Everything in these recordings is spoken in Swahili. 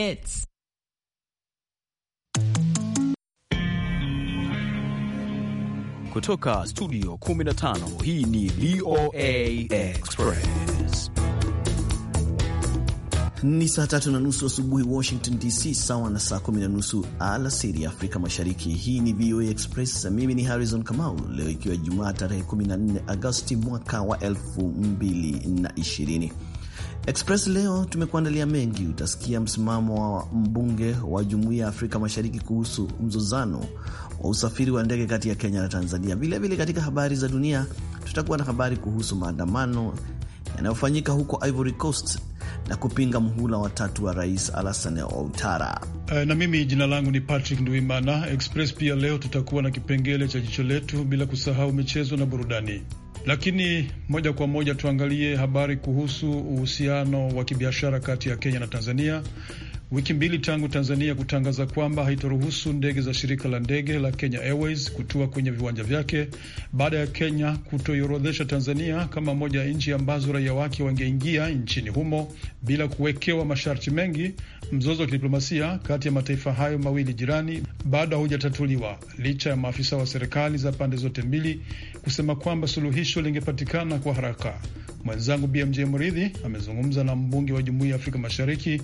It's. Kutoka studio 15 hii ni VOA Express. Ni saa tatu na nusu asubuhi Washington DC, sawa na saa kumi na nusu alasiri Afrika Mashariki. Hii ni VOA Express, mimi ni Harrison Kamau. Leo ikiwa Jumaa tarehe 14 Agosti mwaka wa ishirini Express leo tumekuandalia mengi. Utasikia msimamo wa mbunge wa Jumuiya ya Afrika Mashariki kuhusu mzozano wa usafiri wa ndege kati ya Kenya na Tanzania. Vilevile katika habari za dunia, tutakuwa na habari kuhusu maandamano yanayofanyika huko Ivory Coast na kupinga mhula watatu wa Rais Alassane Ouattara. Eh, na mimi jina langu ni Patrick nduimana Express pia leo tutakuwa na kipengele cha jicho letu, bila kusahau michezo na burudani. Lakini moja kwa moja tuangalie habari kuhusu uhusiano wa kibiashara kati ya Kenya na Tanzania wiki mbili tangu Tanzania kutangaza kwamba haitaruhusu ndege za shirika la ndege la Kenya Airways kutua kwenye viwanja vyake baada ya Kenya kutoiorodhesha Tanzania kama moja ya nchi ambazo raia wake wangeingia nchini humo bila kuwekewa masharti mengi, mzozo wa kidiplomasia kati ya mataifa hayo mawili jirani bado haujatatuliwa licha ya maafisa wa serikali za pande zote mbili kusema kwamba suluhisho lingepatikana kwa haraka. Mwenzangu BMJ Mridhi amezungumza na mbunge wa Jumuiya ya Afrika Mashariki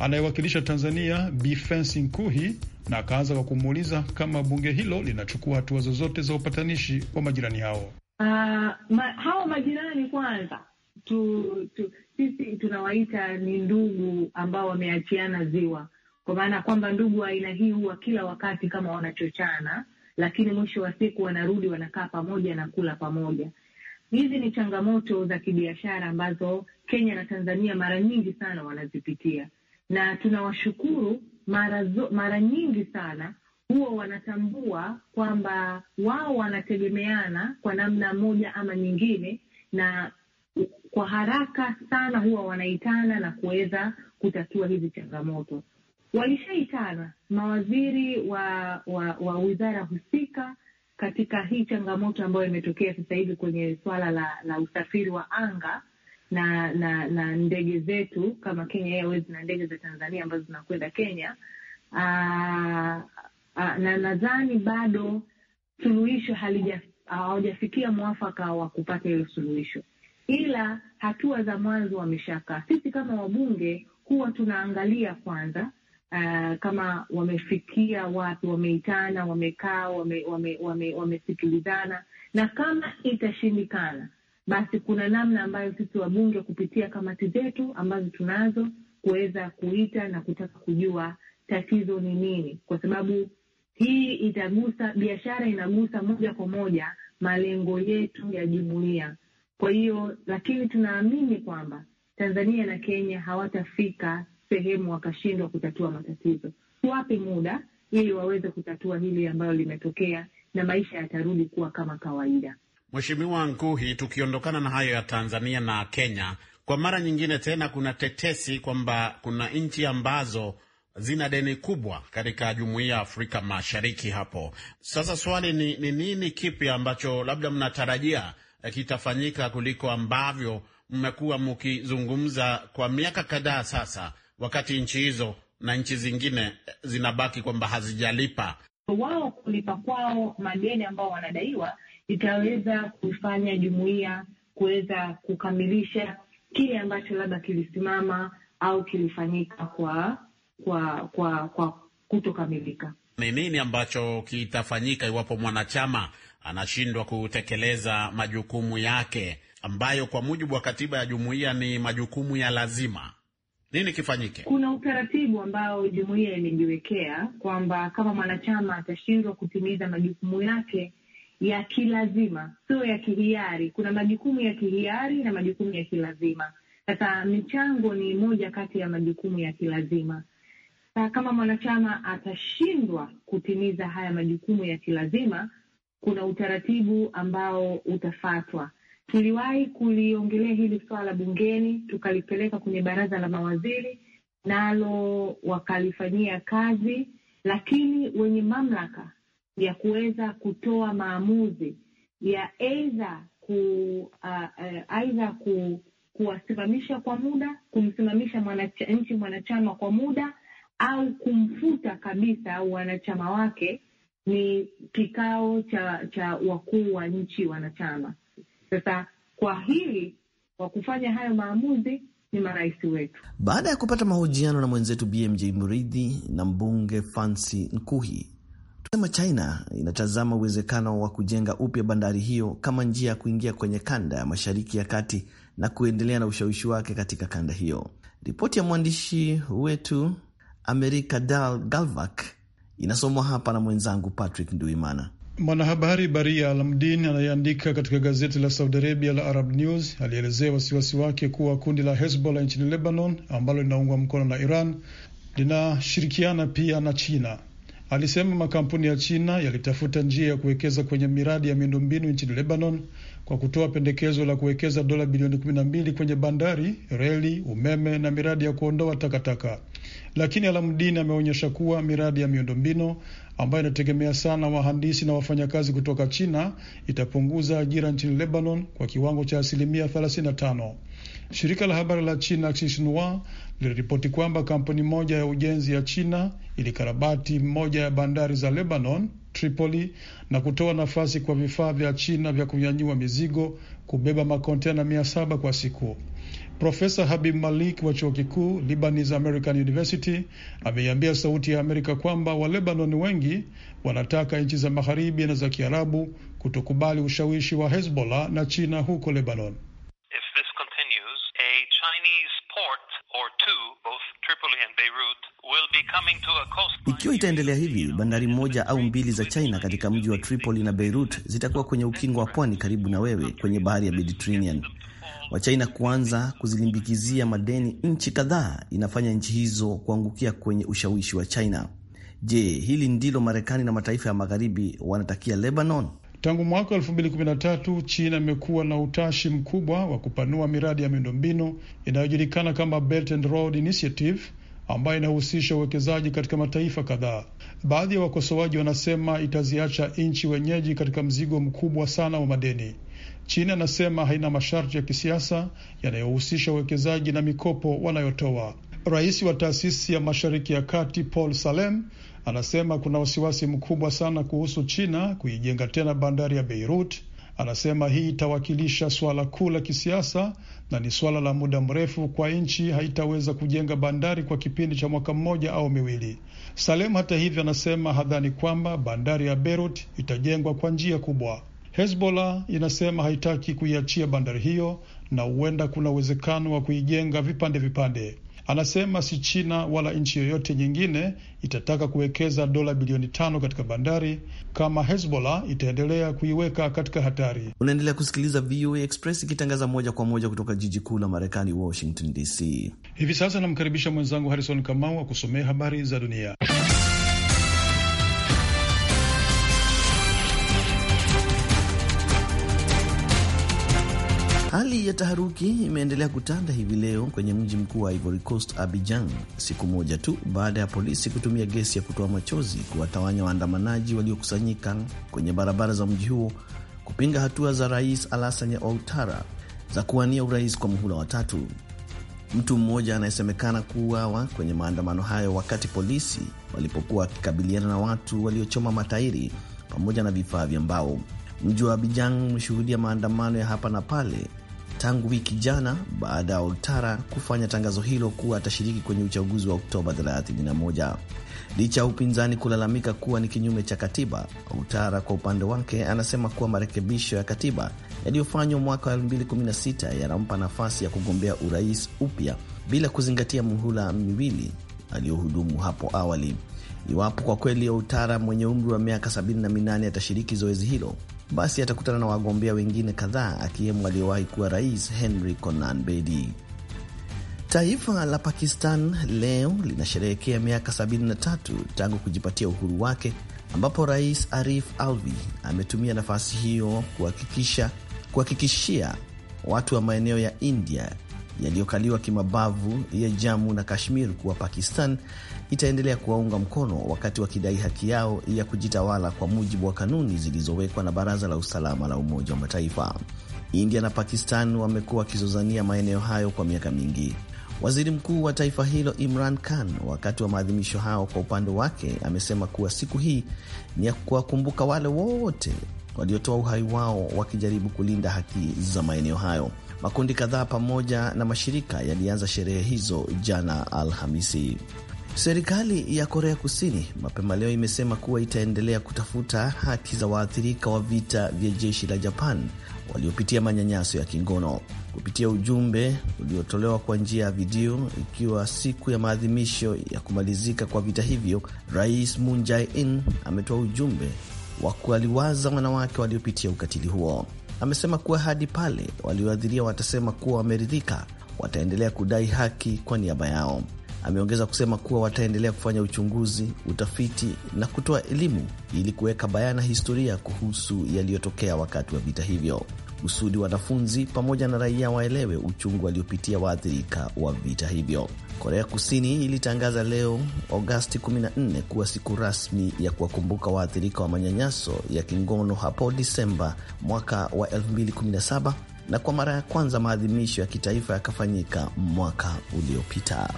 anayewakilisha Tanzania, Bi Fancy Nkuhi, na akaanza kwa kumuuliza kama bunge hilo linachukua hatua zozote za upatanishi wa majirani hao. Uh, ma, hao majirani kwanza tu, tu, sisi tunawaita ni ndugu ambao wameachiana ziwa, kwa maana kwamba ndugu wa aina hii huwa kila wakati kama wanachochana, lakini mwisho wa siku wanarudi wanakaa pamoja na kula pamoja. Hizi ni changamoto za kibiashara ambazo Kenya na Tanzania mara nyingi sana wanazipitia, na tunawashukuru mara, mara nyingi sana huwa wanatambua kwamba wao wanategemeana kwa namna moja ama nyingine, na kwa haraka sana huwa wanaitana na kuweza kutatua hizi changamoto. Walishaitana mawaziri wa, wa, wa wizara husika katika hii changamoto ambayo imetokea sasa hivi kwenye swala la, la usafiri wa anga na na na ndege zetu kama Kenya Airways na ndege za Tanzania ambazo zinakwenda Kenya. Aa, aa, na nadhani bado suluhisho hawajafikia mwafaka wa kupata hilo suluhisho, ila hatua za mwanzo wameshakaa. Sisi kama wabunge huwa tunaangalia kwanza uh, kama wamefikia wapi, wameitana, wamekaa, wamesikilizana, wame, wame, wame na kama itashindikana, basi kuna namna ambayo sisi wabunge kupitia kamati zetu ambazo tunazo kuweza kuita na kutaka kujua tatizo ni nini, kwa sababu hii itagusa biashara, inagusa moja kwa moja malengo yetu ya jumuiya. Kwa hiyo, lakini tunaamini kwamba Tanzania na Kenya hawatafika sehemu wakashindwa kutatua matatizo. Tuwape muda ili waweze kutatua hili ambalo limetokea na maisha yatarudi kuwa kama kawaida. Mheshimiwa Nkuhi, tukiondokana na hayo ya Tanzania na Kenya, kwa mara nyingine tena kuna tetesi kwamba kuna nchi ambazo zina deni kubwa katika jumuiya ya Afrika Mashariki hapo. Sasa swali ni, ni nini kipi ambacho labda mnatarajia eh, kitafanyika kuliko ambavyo mmekuwa mkizungumza kwa miaka kadhaa sasa wakati nchi hizo na nchi zingine zinabaki kwamba hazijalipa. Wao kulipa kwao madeni ambao wanadaiwa itaweza kufanya jumuiya kuweza kukamilisha kile ambacho labda kilisimama au kilifanyika kwa kwa kwa kwa kutokamilika. Ni nini ambacho kitafanyika iwapo mwanachama anashindwa kutekeleza majukumu yake ambayo kwa mujibu wa katiba ya jumuiya ni majukumu ya lazima? nini kifanyike? Kuna utaratibu ambao jumuiya imejiwekea kwamba kama mwanachama atashindwa kutimiza majukumu yake ya kilazima, sio ya kihiari. Kuna majukumu ya kihiari na majukumu ya kilazima. Sasa michango ni moja kati ya majukumu ya kilazima. Sasa kama mwanachama atashindwa kutimiza haya majukumu ya kilazima, kuna utaratibu ambao utafatwa Tuliwahi kuliongelea hili swala bungeni, tukalipeleka kwenye baraza la mawaziri, nalo wakalifanyia kazi, lakini wenye mamlaka ya kuweza kutoa maamuzi ya aidha ku aidha uh, uh ku kuwasimamisha kwa muda, kumsimamisha mwanacha, nchi mwanachama kwa muda au kumfuta kabisa au wanachama wake ni kikao cha cha wakuu wa nchi wanachama. Sasa kwa hili wa kufanya hayo maamuzi ni marais wetu. Baada ya kupata mahojiano na mwenzetu BMJ Mridhi na mbunge Fancy Nkuhi, tunasema China inatazama uwezekano wa kujenga upya bandari hiyo kama njia ya kuingia kwenye kanda ya Mashariki ya Kati na kuendelea na ushawishi wake katika kanda hiyo. Ripoti ya mwandishi wetu Amerika Dal Galvak inasomwa hapa na mwenzangu Patrick Nduimana. Mwanahabari Baria Alamdin anayeandika katika gazeti la Saudi Arabia la Arab News alielezea wasiwasi wake kuwa kundi la Hezbollah nchini Lebanon ambalo linaungwa mkono na Iran linashirikiana pia na China. Alisema makampuni ya China yalitafuta njia ya kuwekeza kwenye miradi ya miundombinu nchini Lebanon kwa kutoa pendekezo la kuwekeza dola bilioni 12 kwenye bandari, reli, umeme na miradi ya kuondoa takataka. Lakini Alamudini ameonyesha kuwa miradi ya miundombinu ambayo inategemea sana wahandisi na wafanyakazi kutoka China itapunguza ajira nchini Lebanon kwa kiwango cha asilimia 35. Shirika la habari la China Xinhua liliripoti kwamba kampuni moja ya ujenzi ya China ilikarabati moja ya bandari za Lebanon, Tripoli, na kutoa nafasi kwa vifaa vya China vya kunyanyua mizigo kubeba makontena mia saba kwa siku. Profesa Habib Malik wa chuo kikuu Lebanese American University ameiambia Sauti ya Amerika kwamba Walebanoni wengi wanataka nchi za magharibi na za Kiarabu kutokubali ushawishi wa Hezbollah na China huko Lebanon. Ikiwa itaendelea hivi, bandari moja au mbili za China katika mji wa Tripoli na Beirut zitakuwa kwenye ukingo wa pwani karibu na wewe kwenye bahari ya Mediterranean wa China kuanza kuzilimbikizia madeni nchi kadhaa inafanya nchi hizo kuangukia kwenye ushawishi wa China. Je, hili ndilo Marekani na mataifa ya magharibi wanatakia Lebanon? Tangu mwaka elfu China imekuwa na utashi mkubwa wa kupanua miradi ya miundombinu inayojulikana kama Belt and Road Initiative ambayo inahusisha uwekezaji katika mataifa kadhaa. Baadhi ya wakosoaji wanasema itaziacha nchi wenyeji katika mzigo mkubwa sana wa madeni. China inasema haina masharti ya kisiasa yanayohusisha uwekezaji na mikopo wanayotoa. Rais wa taasisi ya mashariki ya kati Paul Salem anasema kuna wasiwasi mkubwa sana kuhusu China kuijenga tena bandari ya Beirut. Anasema hii itawakilisha suala kuu la kisiasa na ni suala la muda mrefu kwa nchi, haitaweza kujenga bandari kwa kipindi cha mwaka mmoja au miwili. Salem hata hivyo, anasema hadhani kwamba bandari ya Beirut itajengwa kwa njia kubwa. Hezbollah inasema haitaki kuiachia bandari hiyo na huenda kuna uwezekano wa kuijenga vipande vipande. Anasema si China wala nchi yoyote nyingine itataka kuwekeza dola bilioni tano katika bandari kama Hezbollah itaendelea kuiweka katika hatari. Unaendelea kusikiliza VOA Express ikitangaza moja kwa moja kutoka jiji kuu la Marekani, Washington DC. Hivi sasa namkaribisha mwenzangu Harrison Kamau akusomea habari za dunia. Hali ya taharuki imeendelea kutanda hivi leo kwenye mji mkuu wa Ivory Coast, Abidjan, siku moja tu baada ya polisi kutumia gesi ya kutoa machozi kuwatawanya waandamanaji waliokusanyika kwenye barabara za mji huo kupinga hatua za Rais Alassane Ouattara za kuwania urais kwa muhula watatu. Mtu mmoja anayesemekana kuuawa kwenye maandamano hayo wakati polisi walipokuwa wakikabiliana na watu waliochoma matairi pamoja na vifaa vya mbao. Mji wa abijang umeshuhudia maandamano ya hapa na pale tangu wiki jana baada ya Ouattara kufanya tangazo hilo kuwa atashiriki kwenye uchaguzi wa Oktoba 31. Licha ya upinzani kulalamika kuwa ni kinyume cha katiba, Ouattara kwa upande wake anasema kuwa marekebisho ya katiba yaliyofanywa mwaka wa 2016 yanampa nafasi ya kugombea urais upya bila kuzingatia muhula miwili aliyohudumu hapo awali. Iwapo kwa kweli Ouattara mwenye umri wa miaka 78 atashiriki zoezi hilo, basi atakutana na wagombea wengine kadhaa akiwemo aliyewahi kuwa rais Henry Konan Bedi. Taifa la Pakistan leo linasherehekea miaka 73 tangu kujipatia uhuru wake, ambapo Rais Arif Alvi ametumia nafasi hiyo kuhakikisha kuhakikishia watu wa maeneo ya India yaliyokaliwa kimabavu ya Jamu na Kashmir kuwa Pakistan itaendelea kuwaunga mkono wakati wakidai haki yao ya kujitawala kwa mujibu wa kanuni zilizowekwa na Baraza la Usalama la Umoja wa Mataifa. India na Pakistan wamekuwa wakizozania maeneo hayo kwa miaka mingi. Waziri mkuu wa taifa hilo Imran Khan, wakati wa maadhimisho hao, kwa upande wake amesema kuwa siku hii ni ya kuwakumbuka wale wote waliotoa uhai wao wakijaribu kulinda haki za maeneo hayo. Makundi kadhaa pamoja na mashirika yalianza sherehe hizo jana Alhamisi. Serikali ya Korea Kusini mapema leo imesema kuwa itaendelea kutafuta haki za waathirika wa vita vya jeshi la Japan waliopitia manyanyaso ya kingono. Kupitia ujumbe uliotolewa kwa njia ya video, ikiwa siku ya maadhimisho ya kumalizika kwa vita hivyo, Rais Moon Jae-in ametoa ujumbe wa kuwaliwaza wanawake waliopitia ukatili huo amesema kuwa hadi pale walioadhiria watasema kuwa wameridhika, wataendelea kudai haki kwa niaba yao. Ameongeza kusema kuwa wataendelea kufanya uchunguzi, utafiti na kutoa elimu ili kuweka bayana historia kuhusu yaliyotokea wakati wa vita hivyo kusudi wanafunzi pamoja na raia waelewe uchungu waliopitia waathirika wa vita hivyo. Korea Kusini ilitangaza leo Agosti 14 kuwa siku rasmi ya kuwakumbuka waathirika wa manyanyaso ya kingono hapo Disemba mwaka wa 2017 na kwa mara ya kwanza maadhimisho ya kitaifa yakafanyika mwaka uliopita.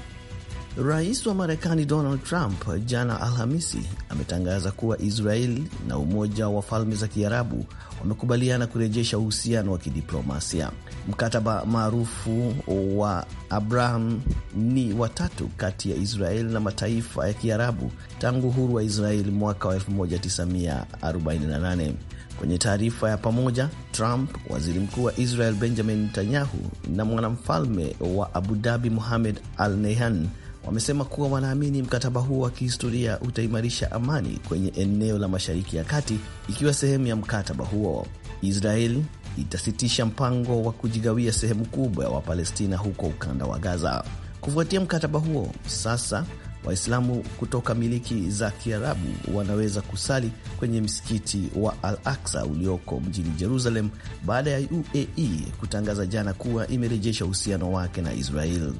Rais wa Marekani Donald Trump jana Alhamisi ametangaza kuwa Israeli na Umoja wa Falme za Kiarabu wamekubaliana kurejesha uhusiano wa kidiplomasia. Mkataba maarufu wa Abraham ni watatu kati ya Israeli na mataifa ya Kiarabu tangu uhuru wa Israeli mwaka wa 1948. Kwenye taarifa ya pamoja, Trump, waziri mkuu wa Israel Benjamin Netanyahu na mwanamfalme wa Abu Dhabi Mohammed Al Nahyan wamesema kuwa wanaamini mkataba huo wa kihistoria utaimarisha amani kwenye eneo la Mashariki ya Kati. Ikiwa sehemu ya mkataba huo, israel itasitisha mpango wa kujigawia sehemu kubwa ya Wapalestina huko ukanda wa Gaza. Kufuatia mkataba huo, sasa Waislamu kutoka miliki za Kiarabu wanaweza kusali kwenye msikiti wa Al Aksa ulioko mjini Jerusalem baada ya UAE kutangaza jana kuwa imerejesha uhusiano wake na Israel.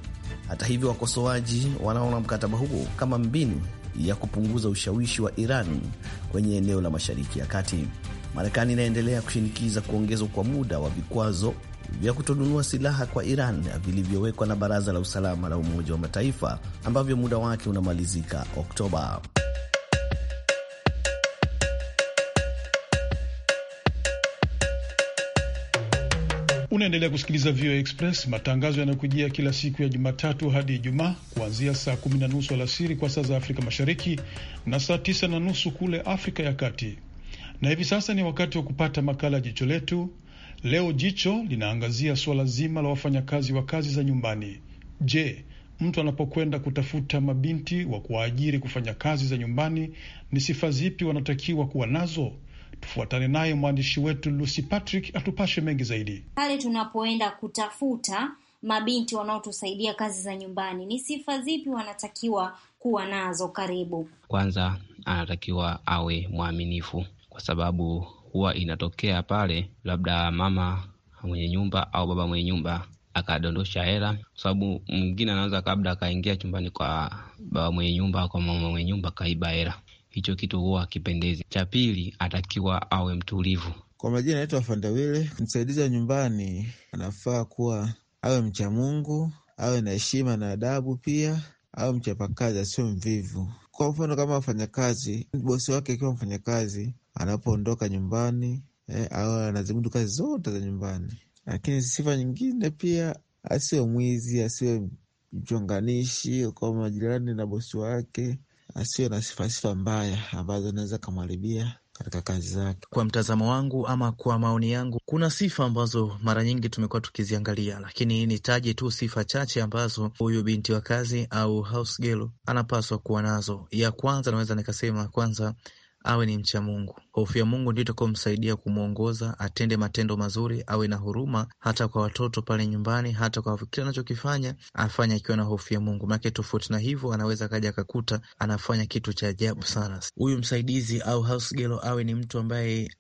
Hata hivyo, wakosoaji wanaona mkataba huo kama mbinu ya kupunguza ushawishi wa Iran kwenye eneo la Mashariki ya Kati. Marekani inaendelea kushinikiza kuongezwa kwa muda wa vikwazo vya kutonunua silaha kwa Iran vilivyowekwa na Baraza la Usalama la Umoja wa Mataifa ambavyo muda wake unamalizika Oktoba. Unaendelea kusikiliza VOA Express, matangazo yanayokujia kila siku ya Jumatatu hadi Ijumaa kuanzia saa kumi na nusu alasiri kwa saa za Afrika Mashariki na saa tisa na nusu kule Afrika ya Kati. Na hivi sasa ni wakati wa kupata makala ya Jicho Letu. Leo jicho linaangazia suala zima la wafanyakazi wa kazi za nyumbani. Je, mtu anapokwenda kutafuta mabinti wa kuwaajiri kufanya kazi za nyumbani, ni sifa zipi wanatakiwa kuwa nazo? Tufuatane naye mwandishi wetu Lucy Patrick atupashe mengi zaidi. Pale tunapoenda kutafuta mabinti wanaotusaidia kazi za nyumbani, ni sifa zipi wanatakiwa kuwa nazo? Karibu. Kwanza anatakiwa awe mwaminifu, kwa sababu huwa inatokea pale labda mama mwenye nyumba au baba mwenye nyumba akadondosha hela, kwa sababu mwingine anaweza labda akaingia chumbani kwa baba mwenye nyumba au kwa mama mwenye nyumba, akaiba hela hicho kitu huwa kipendezi Cha pili, atakiwa awe mtulivu. Kwa majina anaitwa Fandawile, msaidizi wa nyumbani anafaa kuwa awe mcha Mungu, awe na heshima na adabu, pia awe mchapakazi, asio mvivu. Kwa mfano kama wafanyakazi, bosi wake akiwa mfanyakazi, anapoondoka nyumbani eh, awe anazimudu kazi zote za nyumbani. Lakini sifa nyingine pia, asiwe mwizi, asiwe mchonganishi kwa majirani na bosi wake asiwe na sifasifa mbaya ambazo inaweza kamharibia katika kazi zake. Kwa mtazamo wangu ama kwa maoni yangu, kuna sifa ambazo mara nyingi tumekuwa tukiziangalia, lakini nitaje tu sifa chache ambazo huyu binti wa kazi au house girl anapaswa kuwa nazo. Ya kwanza naweza nikasema, kwanza awe ni mcha Mungu. Hofu ya Mungu ndio itakayomsaidia kumwongoza atende matendo mazuri, awe na huruma hata kwa watoto pale nyumbani, hata kwa kile anachokifanya afanye akiwa na hofu ya Mungu, maanake tofauti na hivyo anaweza akaja akakuta anafanya kitu cha ajabu sana. Huyu msaidizi au house girl awe ni mtu ambaye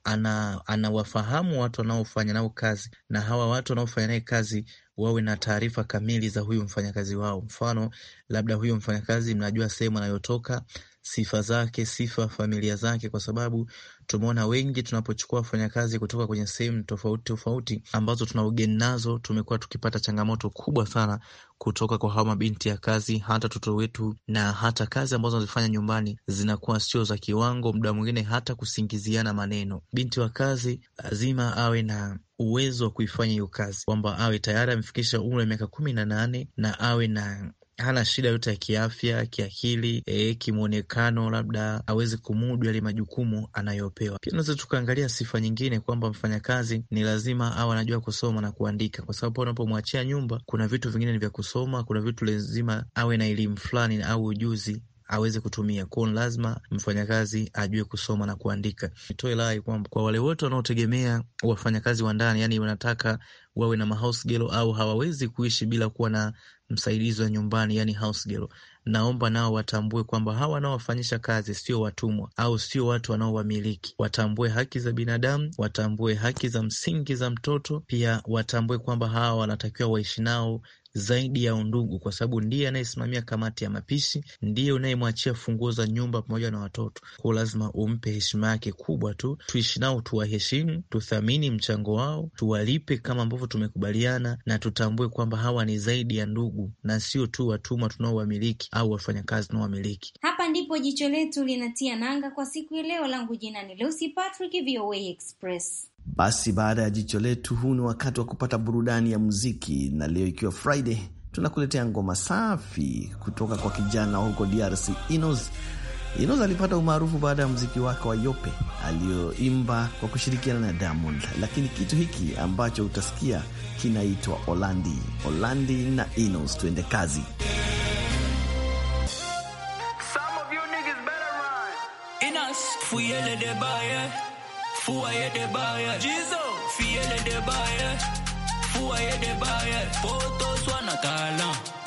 anawafahamu ana watu wanaofanya nao kazi, na hawa watu wanaofanya naye kazi wawe na taarifa kamili za huyu mfanyakazi wao. Mfano, labda huyu mfanyakazi mnajua sehemu anayotoka, sifa zake, sifa familia zake, kwa sababu tumeona wengi tunapochukua wafanyakazi kutoka kwenye sehemu tofauti tofauti ambazo tuna ugeni nazo, tumekuwa tukipata changamoto kubwa sana kutoka kwa hawa mabinti ya kazi. Hata toto wetu na hata kazi ambazo wanazifanya nyumbani zinakuwa sio za kiwango, muda mwingine hata kusingiziana maneno. Binti wa kazi lazima awe na uwezo wa kuifanya hiyo kazi, kwamba awe tayari amefikisha umri wa miaka kumi na nane na awe na hana shida yote ya kiafya, kiakili, e, eh, kimwonekano, labda awezi kumudu yale majukumu anayopewa. Pia unaweza tukaangalia sifa nyingine kwamba mfanyakazi ni lazima awe anajua kusoma na kuandika, kwa sababu unapomwachia nyumba, kuna vitu vingine ni vya kusoma, kuna vitu lazima awe na elimu fulani au ujuzi aweze kutumia kwao, lazima mfanyakazi ajue kusoma na kuandika. Nitoe rai kwamba kwa wale wote wanaotegemea wafanyakazi wa ndani, yani wanataka wawe na mahouse girl au hawawezi kuishi bila kuwa na msaidizi wa nyumbani, yani house girl, naomba nao watambue kwamba hawa wanaowafanyisha kazi sio watumwa au sio watu wanaowamiliki. Watambue haki za binadamu, watambue haki za msingi za mtoto, pia watambue kwamba hawa wanatakiwa waishi nao zaidi ya undugu, kwa sababu ndiye anayesimamia kamati ya mapishi, ndiye unayemwachia funguo za nyumba pamoja na watoto. Kwa lazima umpe heshima yake kubwa tu. Tuishi nao, tuwaheshimu, tuthamini mchango wao, tuwalipe kama ambavyo tumekubaliana, na tutambue kwamba hawa ni zaidi ya ndugu na sio tu watumwa tunaowamiliki au wafanyakazi tunaowamiliki. Hapa ndipo jicho letu linatia nanga kwa siku ya leo. Langu jina ni Lucy Patrick, VOA Express. Basi baada ya jicho letu, huu ni wakati wa kupata burudani ya muziki, na leo ikiwa Friday tunakuletea ngoma safi kutoka kwa kijana huko DRC Inos. Inos alipata umaarufu baada ya muziki wake wa Yope aliyoimba kwa kushirikiana na Diamond, lakini kitu hiki ambacho utasikia kinaitwa Olandi. Olandi na Inos, tuende kazi. Fuyele de baye, fuaye de baye, Jizo, fiele de baye, fuaye de baye, poto swana talent.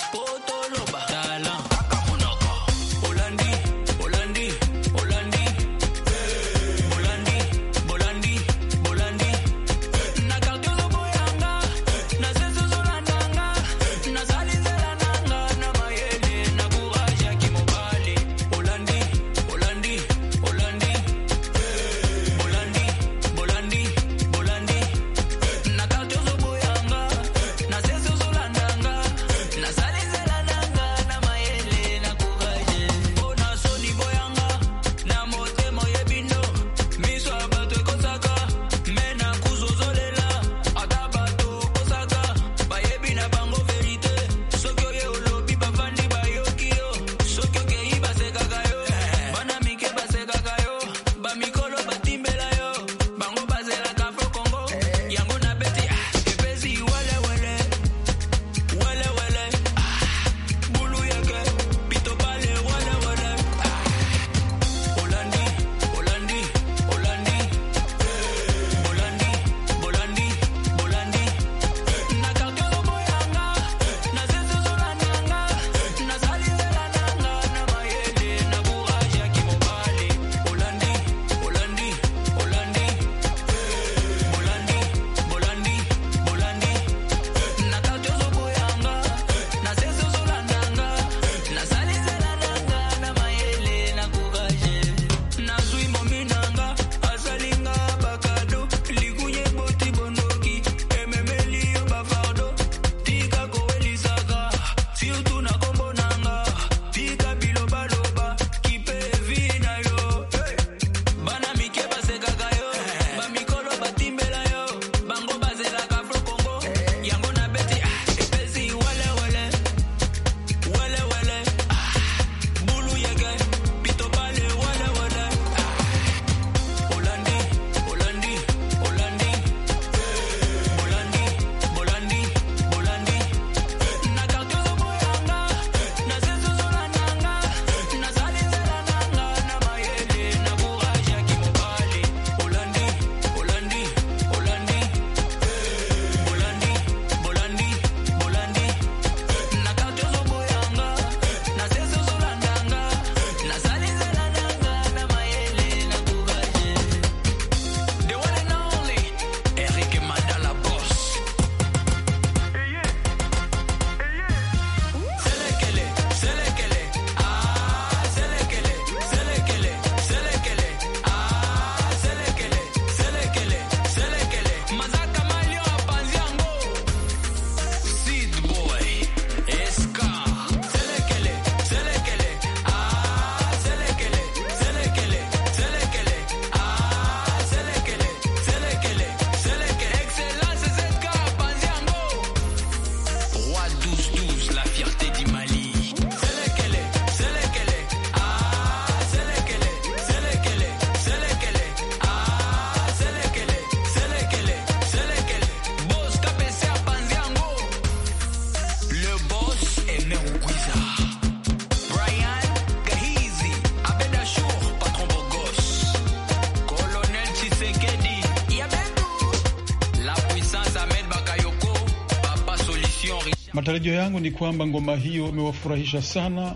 Matarajio yangu ni kwamba ngoma hiyo imewafurahisha sana,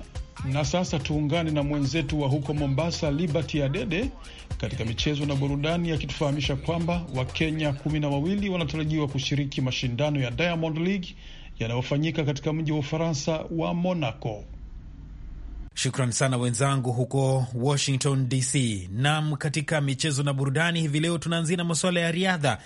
na sasa tuungane na mwenzetu wa huko Mombasa, Liberty Adede, katika michezo na burudani, akitufahamisha kwamba Wakenya kumi na wawili wanatarajiwa kushiriki mashindano ya Diamond League yanayofanyika katika mji wa Ufaransa wa Monaco. Shukran sana wenzangu huko Washington DC. Nam, katika michezo na burudani hivi leo tunaanzia na masuala ya riadha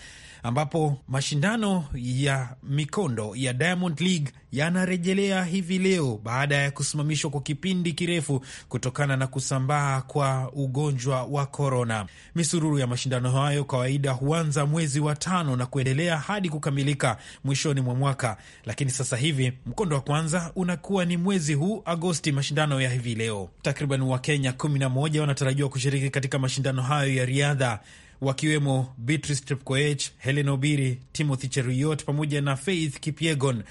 ambapo mashindano ya mikondo ya Diamond League yanarejelea hivi leo baada ya kusimamishwa kwa kipindi kirefu kutokana na kusambaa kwa ugonjwa wa korona. Misururu ya mashindano hayo kawaida huanza mwezi wa tano na kuendelea hadi kukamilika mwishoni mwa mwaka, lakini sasa hivi mkondo wa kwanza unakuwa ni mwezi huu Agosti. Mashindano ya hivi leo, takriban Wakenya 11 wanatarajiwa kushiriki katika mashindano hayo ya riadha wakiwemo Beatrice Chepkoech, Helen Obiri, Timothy Cheruiyot pamoja na Faith Kipyegon.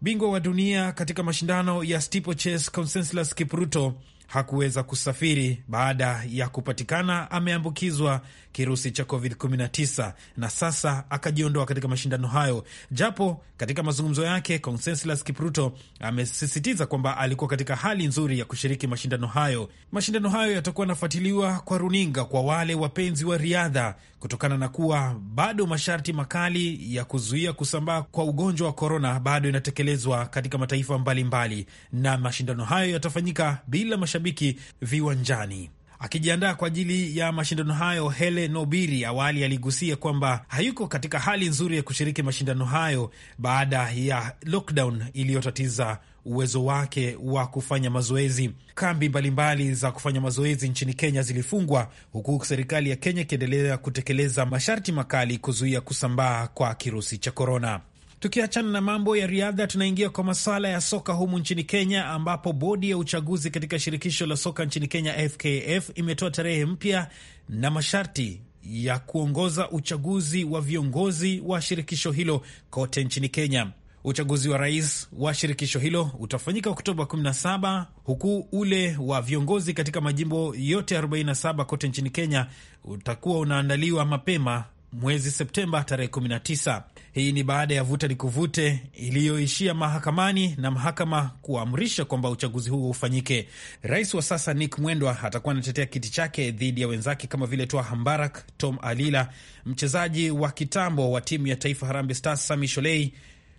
Bingwa wa dunia katika mashindano ya steeplechase Conseslus Kipruto hakuweza kusafiri baada ya kupatikana ameambukizwa kirusi cha COVID-19 na sasa akajiondoa katika mashindano hayo, japo katika mazungumzo yake Conseslus Kipruto amesisitiza kwamba alikuwa katika hali nzuri ya kushiriki mashindano hayo. Mashindano hayo yatakuwa yanafuatiliwa kwa runinga kwa wale wapenzi wa riadha, kutokana na kuwa bado masharti makali ya kuzuia kusambaa kwa ugonjwa wa korona bado inatekelezwa katika mataifa mbalimbali mbali. Na mashindano hayo yatafanyika bila masharti mashabiki viwanjani. Akijiandaa kwa ajili ya mashindano hayo, Hele Nobiri awali aligusia kwamba hayuko katika hali nzuri ya kushiriki mashindano hayo baada ya lockdown iliyotatiza uwezo wake wa kufanya mazoezi. Kambi mbalimbali mbali za kufanya mazoezi nchini Kenya zilifungwa huku serikali ya Kenya ikiendelea kutekeleza masharti makali kuzuia kusambaa kwa kirusi cha korona. Tukiachana na mambo ya riadha, tunaingia kwa masuala ya soka humu nchini Kenya, ambapo bodi ya uchaguzi katika shirikisho la soka nchini Kenya FKF imetoa tarehe mpya na masharti ya kuongoza uchaguzi wa viongozi wa shirikisho hilo kote nchini Kenya. Uchaguzi wa rais wa shirikisho hilo utafanyika Oktoba 17 huku ule wa viongozi katika majimbo yote 47 kote nchini Kenya utakuwa unaandaliwa mapema mwezi Septemba tarehe 19. Hii ni baada ya vuta kuvute iliyoishia mahakamani na mahakama kuamrisha kwamba uchaguzi huo ufanyike. Rais wa sasa Nick Mwendwa atakuwa anatetea kiti chake dhidi ya wenzake kama vile Twaha Mbarak, Tom Alila, mchezaji wa kitambo wa timu ya taifa Harambee Stars Sami Sholei,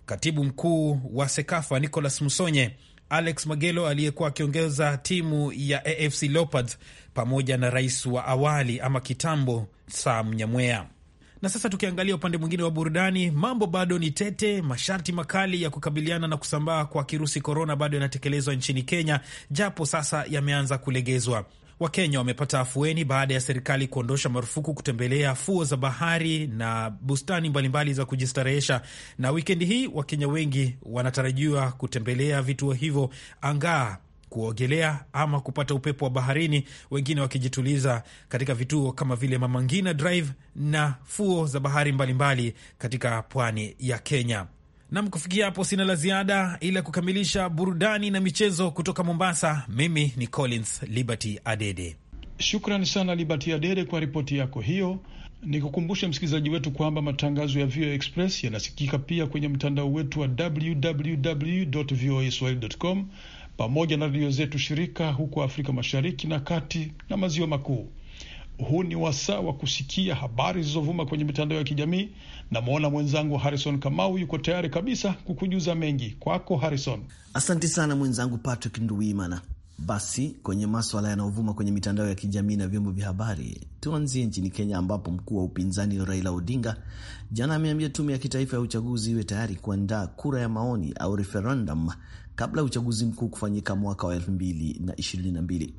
katibu mkuu wa Sekafa Nicolas Musonye, Alex Magelo aliyekuwa akiongeza timu ya AFC Leopards, pamoja na rais wa awali ama kitambo Sam Nyamwea. Na sasa tukiangalia upande mwingine wa burudani, mambo bado ni tete. Masharti makali ya kukabiliana na kusambaa kwa kirusi korona bado yanatekelezwa nchini Kenya, japo sasa yameanza kulegezwa. Wakenya wamepata afueni baada ya serikali kuondosha marufuku kutembelea fuo za bahari na bustani mbalimbali za kujistarehesha. Na wikendi hii Wakenya wengi wanatarajiwa kutembelea vituo hivyo angaa kuogelea ama kupata upepo wa baharini, wengine wakijituliza katika vituo kama vile Mamangina Drive na fuo za bahari mbalimbali mbali katika pwani ya Kenya. Nam, kufikia hapo sina la ziada, ila kukamilisha burudani na michezo kutoka Mombasa. Mimi ni Collins Liberty Adede. Shukran sana Liberty Adede kwa ripoti yako hiyo. Nikukumbushe msikilizaji wetu kwamba matangazo ya VOA Express yanasikika pia kwenye mtandao wetu wa www voa com pamoja na redio zetu shirika huko Afrika Mashariki na Kati na Maziwa Makuu. Huu ni wasaa wa kusikia habari zilizovuma kwenye mitandao ya kijamii. Namwona mwenzangu Harrison Kamau yuko tayari kabisa kukujuza mengi. Kwako Harrison. Asante sana mwenzangu Patrick nduimana Basi kwenye maswala yanayovuma kwenye mitandao ya kijamii na vyombo vya habari, tuanzie nchini Kenya ambapo mkuu wa upinzani Raila Odinga jana ameambia tume ya kitaifa ya uchaguzi iwe tayari kuandaa kura ya maoni au referendum kabla ya uchaguzi mkuu kufanyika mwaka wa 2022.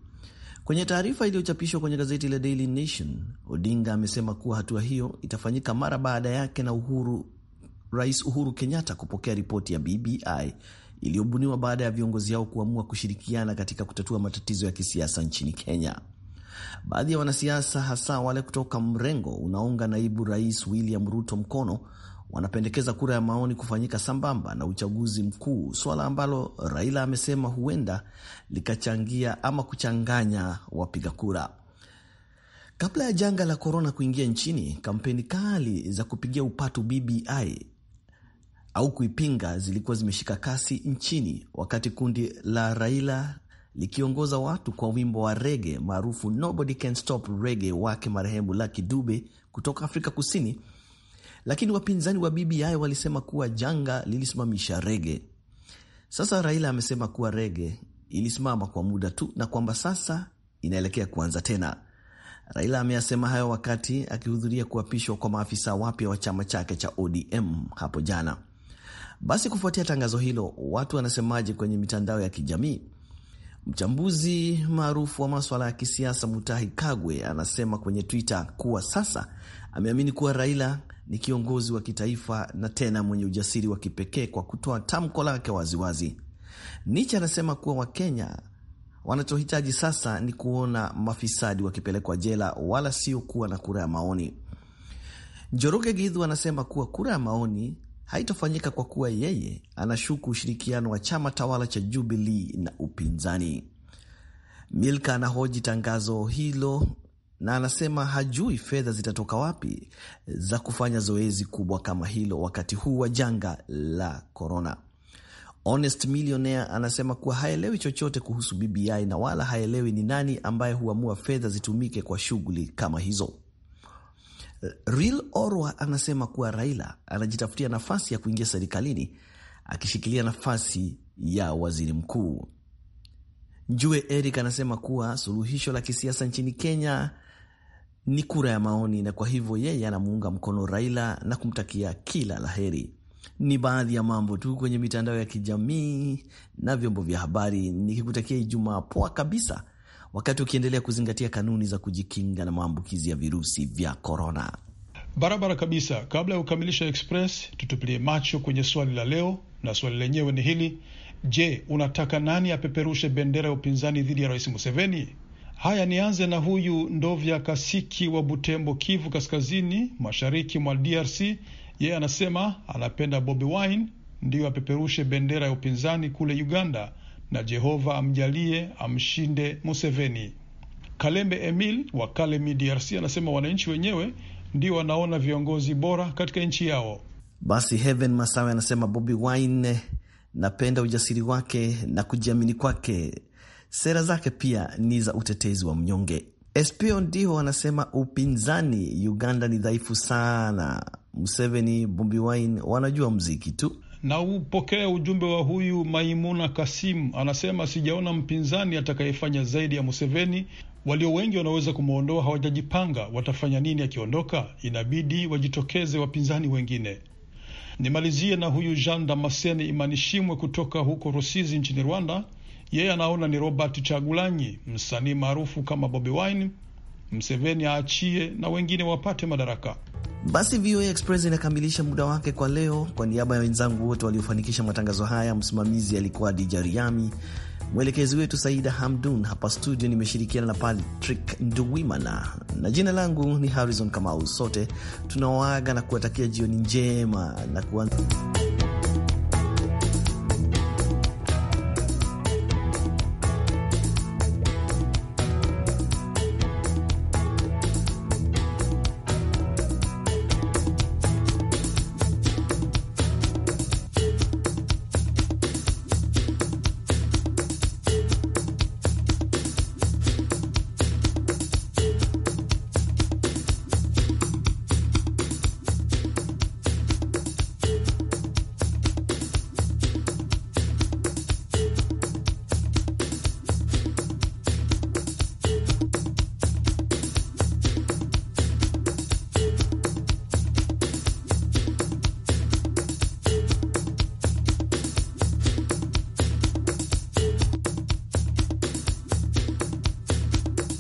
Kwenye taarifa iliyochapishwa kwenye gazeti la Daily Nation, Odinga amesema kuwa hatua hiyo itafanyika mara baada yake na Uhuru, Rais Uhuru Kenyatta kupokea ripoti ya BBI iliyobuniwa baada ya viongozi hao kuamua kushirikiana katika kutatua matatizo ya kisiasa nchini Kenya. Baadhi ya wanasiasa hasa wale kutoka mrengo unaunga naibu rais William Ruto mkono wanapendekeza kura ya maoni kufanyika sambamba na uchaguzi mkuu, suala ambalo Raila amesema huenda likachangia ama kuchanganya wapiga kura. Kabla ya janga la korona kuingia nchini, kampeni kali za kupigia upatu BBI au kuipinga zilikuwa zimeshika kasi nchini, wakati kundi la Raila likiongoza watu kwa wimbo wa rege maarufu Nobody Can Stop Rege wake marehemu Lucky Dube kutoka Afrika Kusini lakini wapinzani wa BBI walisema kuwa janga lilisimamisha rege. Sasa Raila amesema kuwa rege ilisimama kwa muda tu na kwamba sasa inaelekea kuanza tena. Raila ameyasema hayo wakati akihudhuria kuapishwa kwa maafisa wapya wa chama chake cha ODM hapo jana. Basi kufuatia tangazo hilo, watu wanasemaje kwenye mitandao ya kijamii? Mchambuzi maarufu wa maswala ya kisiasa Mutahi Kagwe anasema kwenye Twitter kuwa sasa ameamini kuwa Raila ni kiongozi wa kitaifa na tena mwenye ujasiri wa kipekee kwa kutoa tamko lake waziwazi. Nicha anasema kuwa Wakenya wanachohitaji sasa ni kuona mafisadi wakipelekwa jela, wala sio kuwa na kura ya maoni. Njoroge Gidhu anasema kuwa kura ya maoni haitofanyika kwa kuwa yeye anashuku ushirikiano wa chama tawala cha Jubilee na upinzani. Milka anahoji tangazo hilo na anasema hajui fedha zitatoka wapi za kufanya zoezi kubwa kama hilo wakati huu wa janga la korona. Honest Millionaire anasema kuwa haelewi chochote kuhusu BBI na wala haelewi ni nani ambaye huamua fedha zitumike kwa shughuli kama hizo. Real Orwa anasema kuwa Raila anajitafutia nafasi ya kuingia serikalini akishikilia nafasi ya waziri mkuu. Njue Eric anasema kuwa suluhisho la kisiasa nchini Kenya ni kura ya maoni, na kwa hivyo yeye anamuunga mkono Raila na kumtakia kila laheri. Ni baadhi ya mambo tu kwenye mitandao ya kijamii na vyombo vya habari, nikikutakia Ijumaa poa kabisa wakati ukiendelea kuzingatia kanuni za kujikinga na maambukizi ya virusi vya korona. Barabara kabisa. Kabla ya kukamilisha Express, tutupilie macho kwenye swali la leo, na swali lenyewe ni hili: Je, unataka nani apeperushe bendera ya upinzani dhidi ya Rais Museveni? Haya, nianze na huyu Ndovya Kasiki wa Butembo, Kivu Kaskazini, mashariki mwa DRC. Yeye anasema anapenda Bobi Wine ndiyo apeperushe bendera ya upinzani kule Uganda, na Jehova amjalie amshinde Museveni. Kalembe Emil wa Kalemi, DRC, anasema wananchi wenyewe ndio wanaona viongozi bora katika nchi yao. Basi Heaven Masawe anasema Bobi Wine, napenda ujasiri wake na kujiamini kwake. Sera zake pia ni za utetezi wa mnyonge. Espio Ndiho anasema upinzani Uganda ni dhaifu sana. Museveni, Bobi Wine wanajua mziki tu na upokee ujumbe wa huyu Maimuna Kasim, anasema sijaona mpinzani atakayefanya zaidi ya Museveni. Walio wengi wanaweza kumwondoa, hawajajipanga watafanya nini akiondoka. Inabidi wajitokeze wapinzani wengine. Nimalizie na huyu Jean Damascene Imanishimwe kutoka huko Rusizi nchini Rwanda. Yeye anaona ni Robert Chagulanyi, msanii maarufu kama Bobi Wine Mseveni aachie na wengine wapate madaraka. Basi VOA Express inakamilisha muda wake kwa leo. Kwa niaba ya wenzangu wote waliofanikisha matangazo haya, msimamizi alikuwa Dija Riami, mwelekezi wetu Saida Hamdun. Hapa studio nimeshirikiana na Patrick Nduwimana na jina langu ni Harrison Kamau. Sote tunawaaga na kuwatakia jioni njema na kuanza